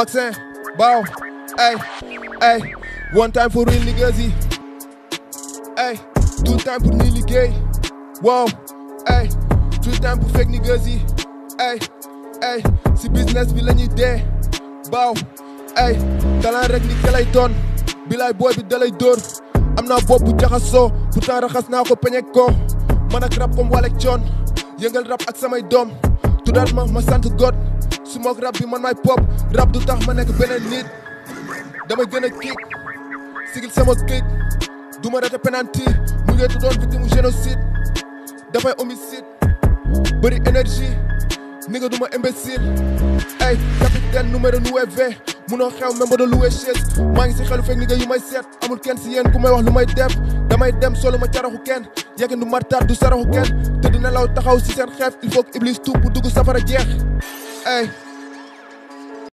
vaccin, bow, hey, hey. One time for real niggas, eh. hey. Two time for really Gay, wow, hey. Three time for fake niggas, eh. hey, hey. Si business bi lañuy dee, bow, hey. Talent reg ni kalay doon, bilay boy bi dalay dóor. Am not bopp bu jaxasoo, pourtant raxas naa ko peñe ko. Man ak rap Walek John, yëngal rap ak samay doom. Tudaat ma ma to God. su mook rab bi man maay pop rab du tax ma nekk beneen nit damay gën a sigil sama kick du ma rete penanti mu ngeetu doon victime génocide dafay homicide bëri énergie ni nga duma imbécile ay capitaine numéro 9V e munoo xew même ba doon loué chaise maa ngi si xelu fekk ni nga yu seet amul kenn si yéen ku may wax lu may def damay dem solo ma caraxu kenn yegg du martar du saraxu kenn te dina law taxaw si seen xeef il faut que iblis tuub bu dugg safara jeex Hey.